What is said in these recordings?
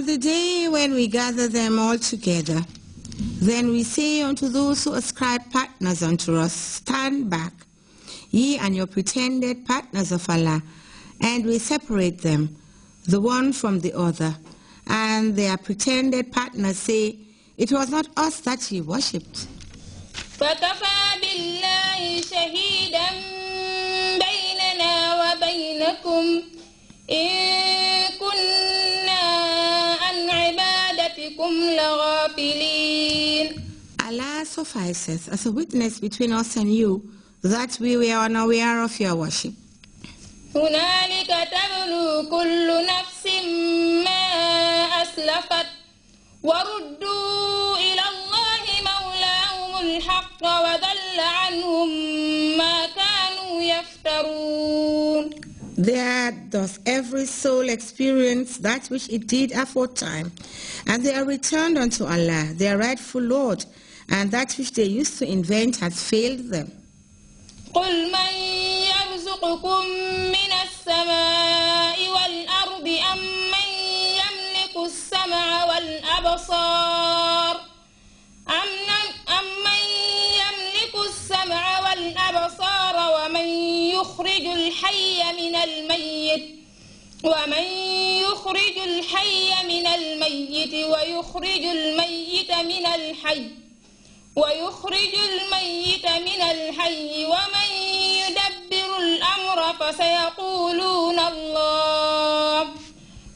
On the day when we gather them all together, then we say unto those who ascribe partners unto us, Stand back, ye and your pretended partners of Allah, and we separate them, the one from the other. And their pretended partners say, It was not us that ye worshipped. إن Allah suffices as a witness between us and you that we were unaware of your worship. الحق وضل عنهم ما كانوا يفترون there doth every soul experience that which it did aforetime, and they are returned unto Allah, their rightful Lord, and that which they used to invent has failed them. السماء والأرض أم من يملك السمع والأبصار الحي من الميت ومن يخرج الحي من الميت ويخرج الميت من الحي ويخرج الميت من الحي ومن يدبر الأمر فسيقولون الله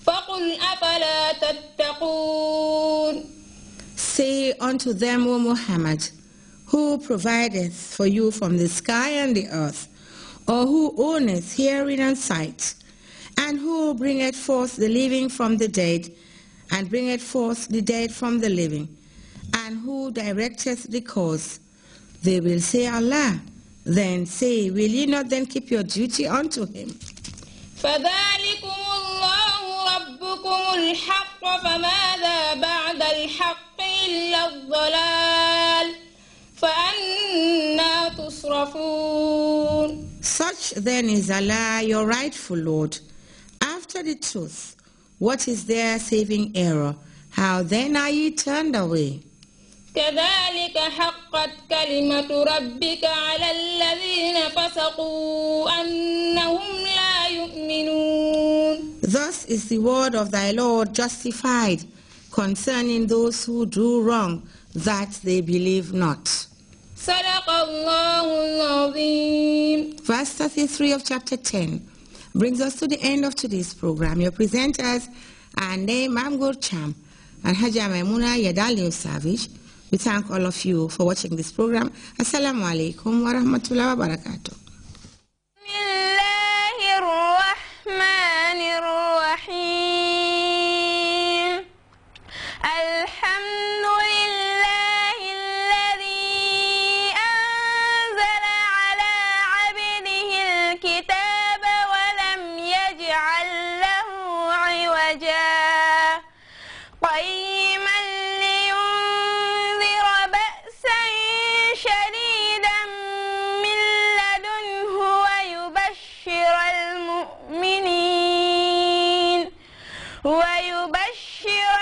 فقل أفلا تتقون Say unto them, O Muhammad, who provideth for you from the sky and the earth or who owneth hearing and sight, and who bringeth forth the living from the dead, and bringeth forth the dead from the living, and who directeth the cause, they will say, Allah. Then say, Will ye not then keep your duty unto him? فأنا تصرفون such then is Allah your rightful Lord. After the truth, what is their saving error? How then are ye turned away? كذلك حقت كلمة ربك على الذين فسقوا أنهم لا يؤمنون Thus is the word of thy Lord justified concerning those who do wrong that they believe not. Verse 33 of chapter 10 brings us to the end of today's program. Your presenters are Name Mamgur Cham and Hajja Maimuna Yadalio Savage. We thank all of you for watching this program. Assalamu alaikum wa rahmatullahi wa barakatuh. قيما لينذر بأسا شديدا من لدنه ويبشر المؤمنين ويبشر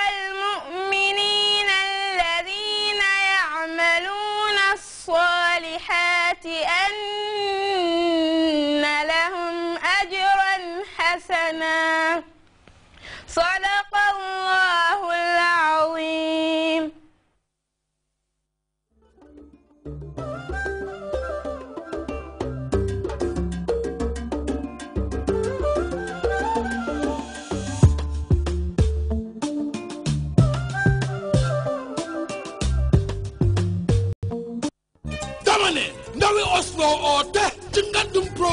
Oslo or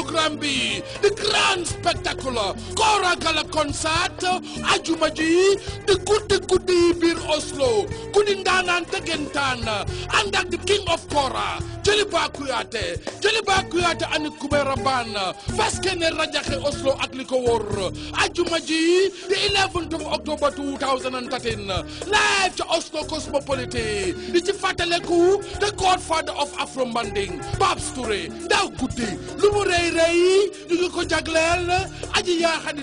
programme bi di grand spectacle Korakala concert ajuma ji di guddi guddi biir Oslo guddi ndaanaan dëggantaan ànd ak di king of Kora Jaliba Kuyate Jaliba Kuyate ani Kubera Ban faske rajaxe Oslo ak li ajuma ji di 11 live ca Oslo Cosmopolitan di ci fàttaleku the godfather of Afro Manding Babs Touré ndaw guddi lu rëy ñu ngi ko jagleel aji yaa xadi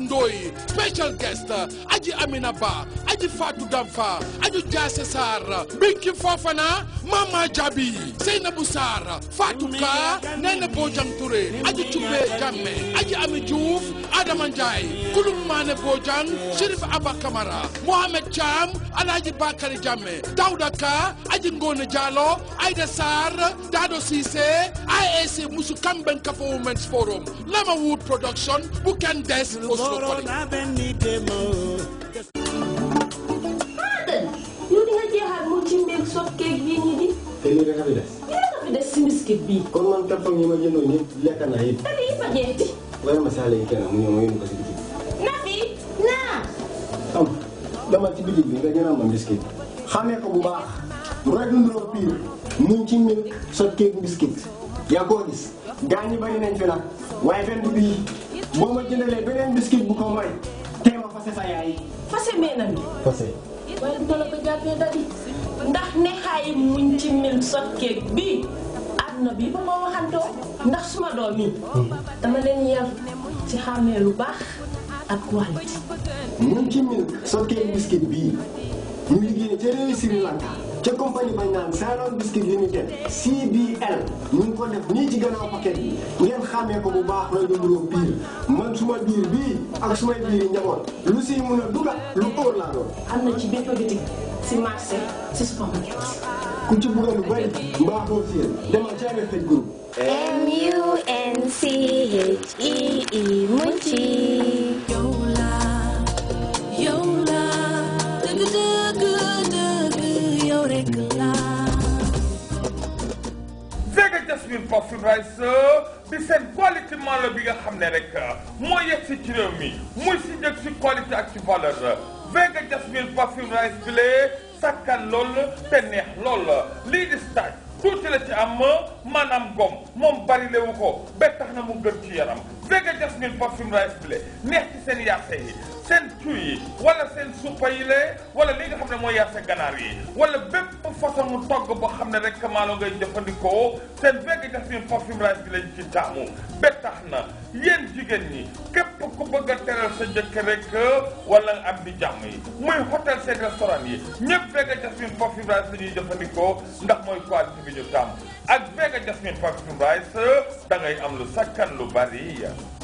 special guest aji Amina Ba aji Fatou Damfa aji Jaase Sarr Binki Fofana Mama Jabi Seynabou Sarr Fatou Ka Nene Bojang Touré aji Cubbee Jamme aji Ami Diouf Adama Ndiaye Kulum Maane Bojang Chérif Aba Kamara Mohamed Thiam Alhaji Bakary Jammeh Daouda Ka Aji Ngone Diallo Aïda Sarr Dado Cissé ASC Musu Kamben Kafa Women's Forum Lama Wood Production bu kenn des Oslo te lii rek a fi des. lii rek a fi des si biscuit bii. kon man ini? ak ñi ma jëndoon ñëpp lekk naa yëpp. te lii fa bàyyi ma saale yi kenn mu ñëw ma yónni ko si bitig na fi naa am dama ci bitig bi nga jënal ma biscuit xamee ko bu baax bu koy piir mu ci milk sot cake biscuit yaa koo gis gaañ ñi bari nañ fi nag waaye benn bu bii boo ma jëndalee beneen biscuit bu ko mooy tee ma fase sa yaay fase mee na fase waaye du ma la ko jàppee dadi ndax ne xaay muñ ci milk sot bii àdduna bi ba ma waxantoo ndax suma domi, dama leen yar ci xàmmee lu baax ak walit ñun ci mil sokkeen biscuit bi, ñu liggéey ci réew Sri Lanka ci compagnie bañ naan Ceylon Biscuit Limited CBL ñu ko def ni ci gannaaw paquet bi ngeen xàmmee ko bu baax lay numéro biir man suma biir bii ak suma biir njaboot lu si mun a dugal lu am ci bépp bitik si marché si ci bëgg lu bari mbaaxoo si ci RFM group M U N E E Mounchi yow la yow la dëgg dëgg yow rek la Sega Jasmine bi nga xam ne rek moo yegg ci réew mi muy si njëg si qualité ak Vega Jasmine Perfume Rice Blé sakkan lool te neex lool lii di stage tuuti la ci am maanaam gom moom bari le ko ba tax na mu gën ci yaram Vega Jasmine Perfume Rice Blé neex ci seen yaase yi seen cuy yi wala seen suppa yi le wala li nga xam ne mooy yaase ganaar yi wala bépp façon mu togg boo xam ne rek maalo ngay jëfandikoo seen Vega Jasmine Perfume Rice Blé lañ ci taamu ba na yéen jigéen ñi ko bëgg téral sa jëk rek wala am bi jamm yi muy hôtel ci restaurant yi ñepp bëgg jasmine coffee rice ñu jëfëndiko ndax moy quality bi ñu tam ak bëgg jasmine coffee rice da ngay am lu sakkan lu bari